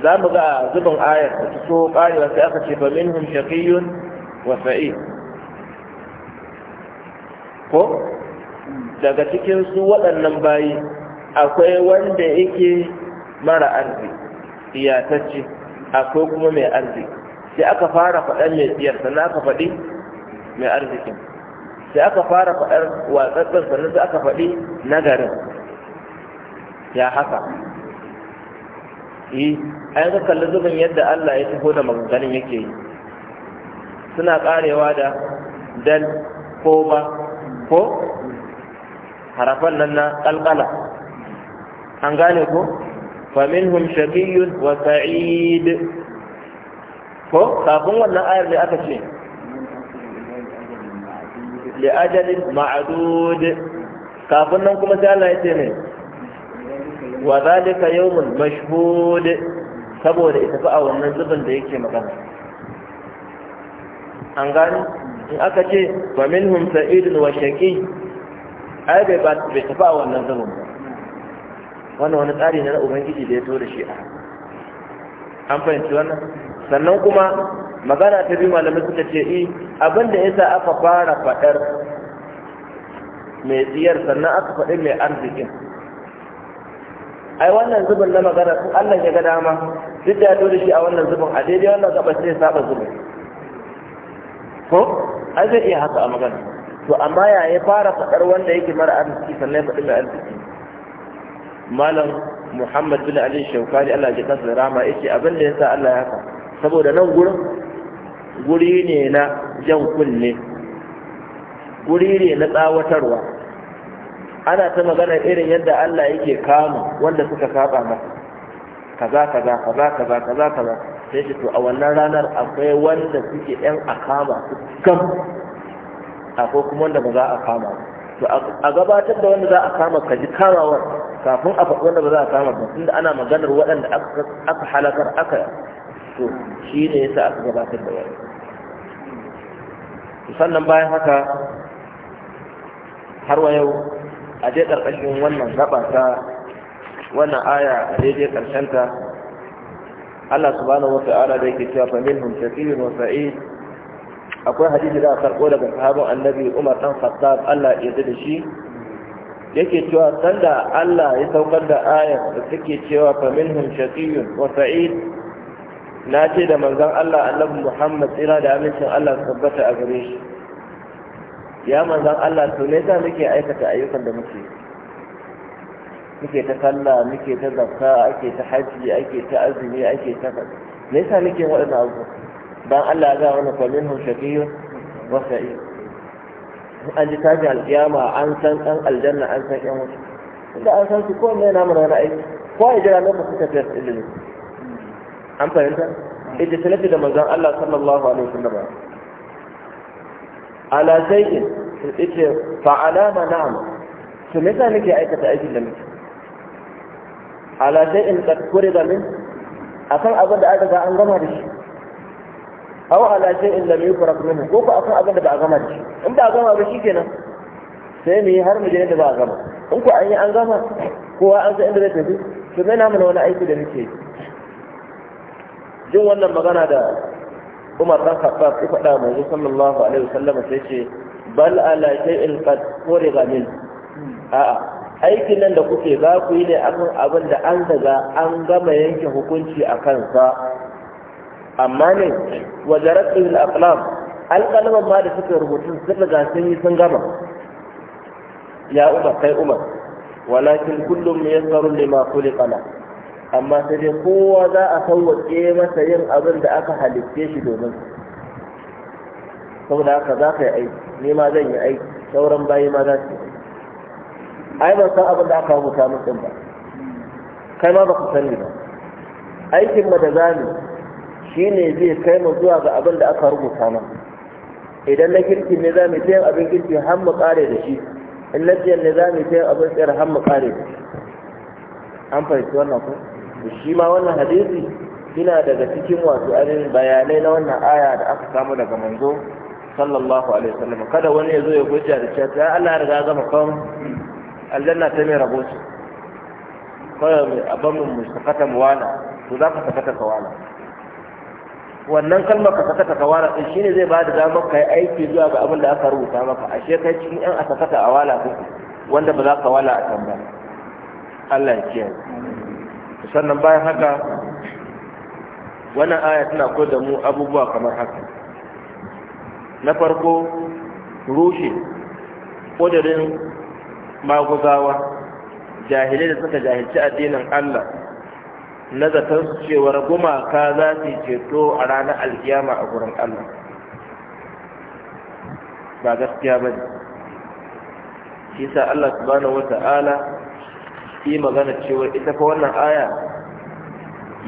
za mu ga zubin ayar da ta so ƙarewa sai aka ce fa hun shaƙiyun wa sa'i ko daga cikin su waɗannan bayi akwai wanda yake mara arzi iyatacce akwai kuma mai arzi sai aka fara faɗar mai tsiyar sannan aka faɗi mai arzikin sai aka fara faɗar watsatsar sannan sai aka faɗi nagarin ya haka yi eh, ai ka kalli zubin yadda Allah ya taho da maganganun yake yi suna karewa da dal ko ba ko harafan nan na kalkala an gane ko faminhum shaqiyyun wa sa'id ko kafin wannan ayar da aka ce li ajalin ma'dud kafin nan kuma sai Allah ya ce ne wa zalika yawmun mashhud saboda ita fa a wannan zubin da yake magana an gani in aka ce wa minhum sa'id wa shaqi ai bai ba bai tafi a wannan zubin ba wannan wani tsari ne na ubangiji da ya to da shi a an fahimci wannan sannan kuma magana ta biyu malamai suka ce i abin da yasa aka fara faɗar mai tsiyar sannan aka faɗi mai arzikin ai wannan zubin na magana sun Allah ya ga dama duk da dole shi a wannan zubin a daidai wannan gaba sai ya saba zubin ko ai zai iya haka a magana to amma ya ya fara fadar wanda yake mara arziki sannan ya faɗi mai arziki malam muhammad bin ali shaukani Allah ya kasa rama yake abin da ya sa Allah ya haka saboda nan gurin guri ne na jan kunne guri ne na tsawatarwa ana ta magana irin yadda Allah yake kama wanda suka saba masa kaza kaza kaza kaza kaza kaza sai shi to a wannan ranar akwai wanda suke yan akama su kam akwai kuma wanda ba za a kama to a gabatar da wanda za a kama ka ji kamawar kafin a faɗi wanda ba za a kama ba tunda ana maganar waɗanda aka halakar aka to shi ne yasa aka gabatar da wani sannan bayan haka har wa yau a je ƙarƙashin wannan gaba wannan aya a daidai ƙarshenta Allah subhanahu wa ta'ala da yake cewa famin hum shakirun wa sa'id akwai hadisi da karɓo daga sahabin annabi Umar dan Khattab Allah ya yarda da shi yake cewa sanda Allah ya saukar da ayar da suke cewa fa minhum shaqiyyun wa sa'id na ce da manzon Allah annabi Muhammad tsira da amincin Allah tabbata a gare shi ya manzan Allah to ne za muke aikata ayyukan da muke muke ta sallah muke ta zakka ake ta haji ake ta azumi ake ta me yasa muke waɗannan abu dan Allah ya ga wani fa minhum shaqiyyu wa sa'id an ji tafi alƙiyama an san ɗan aljanna an san ƴan wuta inda an san su kowanne na mana wani aiki ko ya jira lokacin tafiya su ilimi an fahimta ita talafi da manzon Allah sallallahu alaihi wa sallam. ala shay'in yace fa alama na'am to me yasa nake aikata aikin da muke? ala shay'in qad qurida min akan abin da aka ga an gama da shi aw ala shay'in lam yufraq minhu ko ko akan abin da ba a gama da shi in ba a gama ba shikenan sai mu yi har mu je da ba a gama in ko an yi an gama kowa an san inda zai tafi to me na mana wani aiki da nake jin wannan magana da umar dan khattab ya faɗa manzo sallallahu alaihi wasallam sai ce bal ala shay'in qad furiga min a'a aikin nan da kuke za ku yi ne akan abin da an daga an gama yanke hukunci a kansa amma ne wajarat ibn aqlam alqalaman ma da suka rubutu sun daga sun yi sun gama ya umar kai umar walakin kullum yasaru lima khuliqa amma sai dai kowa za a sauwaƙe masa yin abin da aka halitte shi domin saboda haka za ka yi aiki ni ma zan yi aiki sauran bayi ma za su yi ai ban san abin da aka rubuta musu ba kai ma ba ku sani ba aikin mu da shi ne zai kai mu zuwa ga abin da aka rubuta mu. idan na kirki ne zamu yin abin kirki har mu kare da shi in na ne zamu yin abin tsayar har mu kare da shi an fahimci wannan kuma shi ma wannan hadisi yana daga cikin wasu ainihin bayanai na wannan aya da aka samu daga manzo sallallahu alaihi wasallam kada wani ya zo ya gujja da cewa ya Allah ya riga gama kan aljanna ta mai rabo shi kawai mai abin mu sakata mu wana to za ka sakata ka wana wannan kalmar ka sakata ka wana din shine zai bada damar kai aiki zuwa ga abin da aka rubuta maka ashe kai cikin yan a sakata a wala ko wanda ba za ka wala a tambaya Allah ya kiyaye sannan bayan haka wannan aya tana koyar da mu abubuwa kamar haka na farko rushe ƙudurin maguzawa jahilai da suka jahilci addinin Allah na zaton su cewar gumaka za su ceto a ranar alkiyama a gurin Allah ba gaskiya ba ne shi sa Allah subhanahu ta'ala yi magana cewa ita fa wannan aya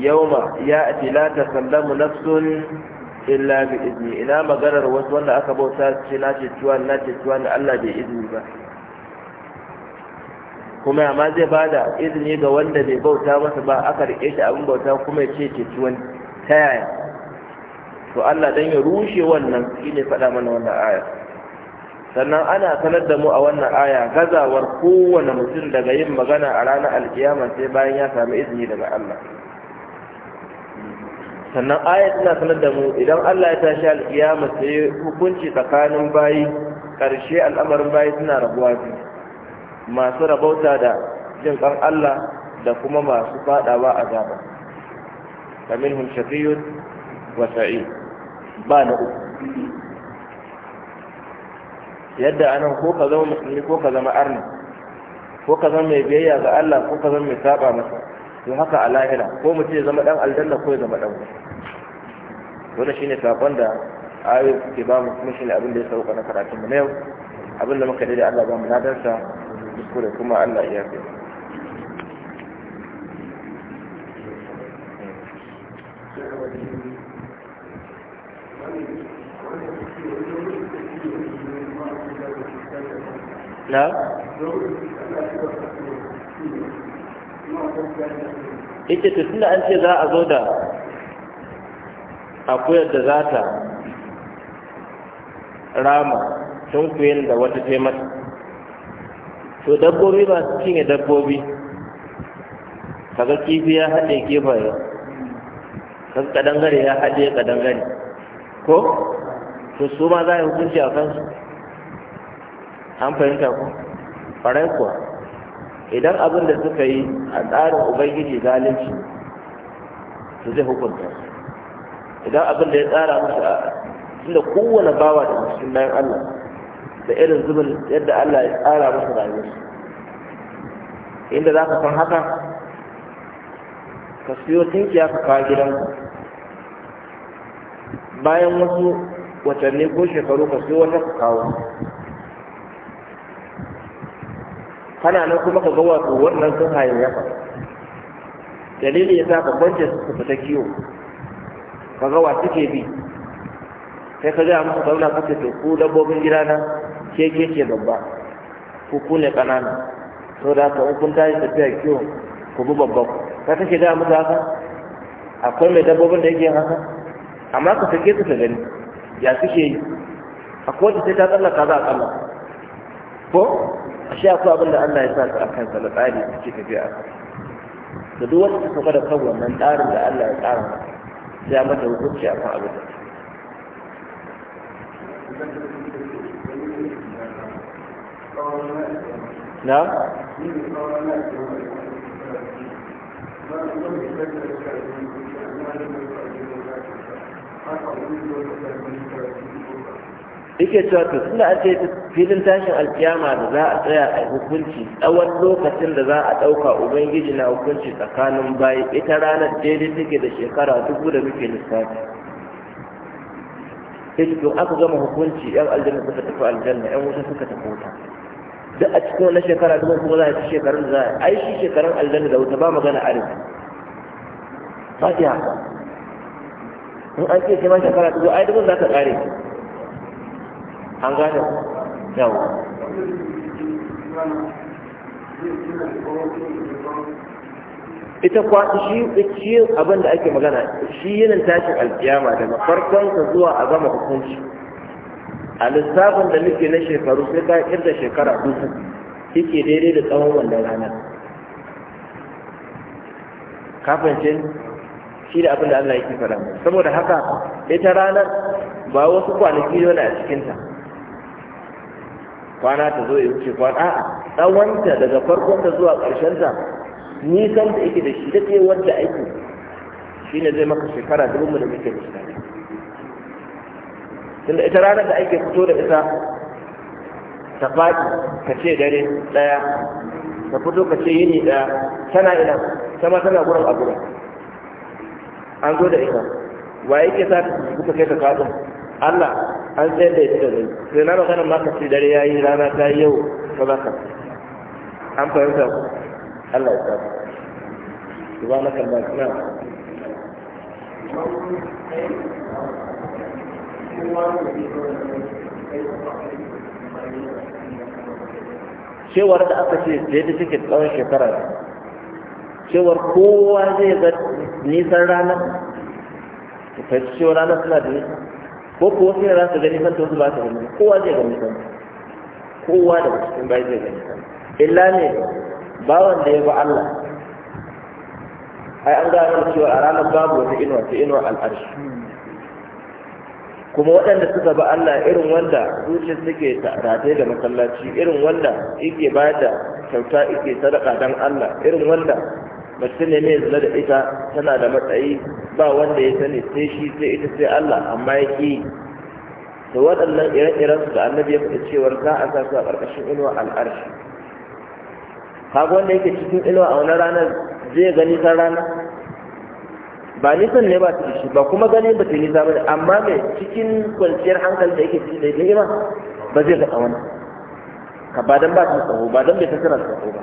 yauma ya ati la tasallamu nafsun illa bi izni ina maganar wasu wanda aka bauta ce na ce na ce ciwa na Allah bai izini ba kuma amma zai bada izini ga wanda bai bauta masa ba aka rike shi abin bauta kuma ya ce ce ciwon ta yaya to Allah dan ya rushe wannan shine faɗa mana wannan ayar sannan ana sanar da mu a wannan aya gazawar kowane mutum daga yin magana a ranar alkiyama sai bayan ya sami izini daga Allah sannan aya tana sanar da mu idan Allah ya tashi alkiyama sai hukunci tsakanin bayi ƙarshe al'amarin bayi suna rabuwa biyu masu rabauta da jin kan Allah da kuma masu fadawa gaba kamin hun shafiyun wa ba na uku yadda anan ko ka zama musulmi ko ka zama arni ko ka zama mai biyayya ga Allah ko ka zama mai saba masa to haka a lahira ko mu ce zama dan aljanna ko ya zama dan wannan shine sakon da ayo ke ba mu kuma shine abin da ya sauka na karatun mu na yau abin da muka dade Allah ba mu nadarsa kuskure kuma Allah ya yafe na yake to tunda an ce za a zo da akuyar da za ta rama tunkuyin da wata taimata to dabbobi ba su cinye dabbobi kaga kifi ya haɗe kifaye kaga kadangare ya haɗe kadangare ko to su ma za a yi hukunci a kansu an fahimta ku farai kuwa idan abin da suka yi a tsarin ubangiji zalunci su zai hukunta idan abin da ya tsara musu a tunda kowane bawa da cikin bayan Allah da irin zubin yadda Allah ya tsara musu rayuwar inda za ka san haka ka siyo tunkiya ka kawo gidanka bayan wasu watanni ko shekaru ka siyo wata ka kawo kana nan kuma ka ga wato wannan sun hayayyafa dalili ya sa babban ce su fita kiwo ka ga wa suke bi sai ka gaya musu zauna kace to ku dabbobin gida na ke ke ke babba ku ku ne ƙanana to da ka in kun tashi tafiya kiwo ku bi ku ka kake gaya musu haka akwai mai dabbobin da yake haka amma ka sake su ka gani ya suke yi akwai wata sai ta tsallaka za a tsallaka أشياء صعبة لأنها يسال أركان ثلاث عالي تشيك في آخر فدو وقت فقد قوة من آرم لألا يتعرم سيامة وقود شعبها أبدا نعم لا yake cewa to tun da ake filin tashin alkiyama da za a tsaya a hukunci tsawon lokacin da za a ɗauka ubangiji na hukunci tsakanin bayi ita ranar daidai take da shekara dubu da muke lissafi sai to aka gama hukunci yan aljanna suka tafi aljanna yan wuta suka tafi wuta duk a cikin wannan shekara dubu kuma za a ci shekarun da za a ai shi shekarun aljanna da wuta ba magana arziki ba haka in an ce sai ma shekara dubu ai dubu za ta ƙare an gane yau ita kwa shi shi abin da ake magana shi yinin tashin alkiyama daga ka zuwa a gama hukunci a lissafin da muke na shekaru sai ka kirda shekara dubu yake daidai da tsawon wannan ranar kafance shi da abin da Allah yake faɗa saboda haka ita ranar ba wasu kwanaki ne a cikinta kwana ta zo ya wuce kwana a tsawonta daga farkon ta zuwa ƙarshen ta nisan da yake da shi da ke wanda aiki shi ne zai maka shekara dubu mu da muke da shi tunda ita ranar da ake fito da ita ta faɗi ka ce dare ɗaya ta fito ka ce yini ɗaya tana ina sama tana gurin a gurin an zo da ita wa yake sa ta kuka kai ta kaɗin Allah an sai da ita ne sai na magana ma ka ce dare yayi rana ta yi yau ka za ka an fahimta ku Allah ya sabu subhanaka na cewar da aka ce da yadda cikin tsawon shekara cewar kowa zai ga nisan ranar ta cewar ranar suna da nisa ko kuwa sai za su gani kanta wasu ba su gani kowa zai gani kanta kowa da cikin bai zai gani kanta illa ne bawan da ya ba Allah ai an gano cewa a ranar babu wata inuwa ta inuwa al'arshi kuma waɗanda suka ba Allah irin wanda zuciyar suke rataye da masallaci irin wanda yake ba da kyauta yake sadaka don Allah irin wanda mace ne mai zula da ita tana da matsayi ba wanda ya sani sai shi sai ita sai Allah amma ya ki da waɗannan ire-iren su da annabi ya faɗi cewar za a sa su a ƙarƙashin inuwa al'arshi kaga wanda yake cikin inuwa a wani rana zai gani ta rana ba nisan ne ba ta shi ba kuma gani ba ta nisa ba amma mai cikin kwanciyar hankali da yake cikin da ba ba zai ga wani ka ba don ba ta tsaho ba don bai ta tsara tsaho ba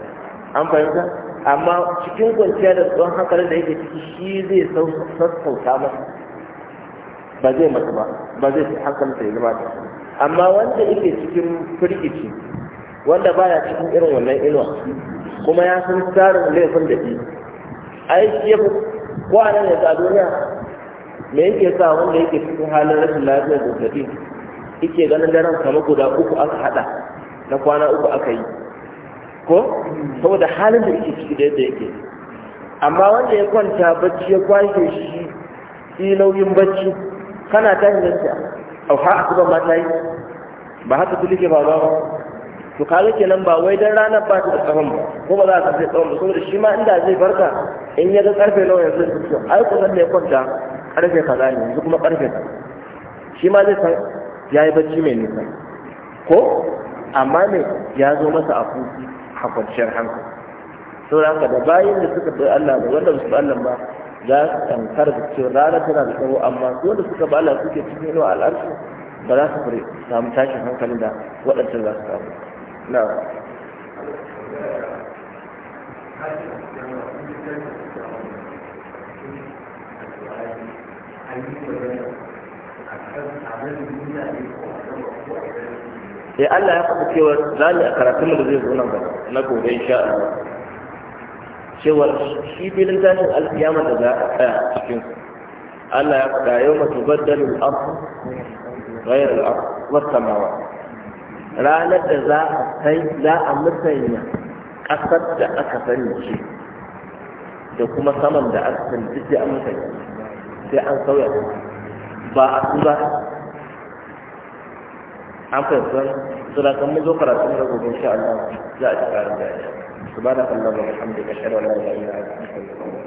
an fahimta amma cikin kwanciya da tsohon hankalin da yake ciki shi zai sassauta masa ba zai masa ba ba zai ci hankalinsa ya zama ta amma wanda yake cikin firgici wanda baya cikin irin wannan inuwa kuma ya san tsarin laifin da shi ai ya fi kwanan a duniya me yake sa wanda yake cikin halin rashin lafiyar zazzabi yake ganin daren kama guda uku aka hada na kwana uku aka yi ko saboda halin da yake ciki da yadda yake amma wanda ya kwanta bacci ya kwashe shi shi nauyin bacci kana ta yi shi a ha asuba ma ta yi ba haka su ke ba ba to kaga nan ba wai dan ranar ba ta da tsawon ba ko ba za ka sai tsawon ba saboda shi ma inda zai farka in ya ga karfe nawa yanzu su ce ai kusan da ya kwanta karfe kaza ne yanzu kuma karfe shi ma zai san ya yi bacci mai nisa ko amma ne ya zo masa a fusi a kwanciyar hankali da haka da bayan da suka bi Allah da wanda su Allah ba za su tankar da cewa rana tana da tsaro amma su wanda suka bi Allah suke cikin yawa al'arsu ba za su fure samu tashin hankalin da waɗancan za su samu na Thank you. sai eh, Allah ya faɗa cewa za mu karatun da zai zo nan ba na gobe insha Allah cewa shi filin tashin alkiyama da za a tsaya cikin Allah ya faɗa yau ma tubaddalu al-ardu ghayr al-ardu ranar da za a sai za a musanya ƙasar da aka sani ce da kuma saman da aka sani duk da an musanya sai an sauya ba a su an fahimtar sura kan zo karatu da gobe insha Allah za a ci karin bayani subhanakallahumma wa bihamdika ashhadu an la ilaha illa anta astaghfiruka wa atubu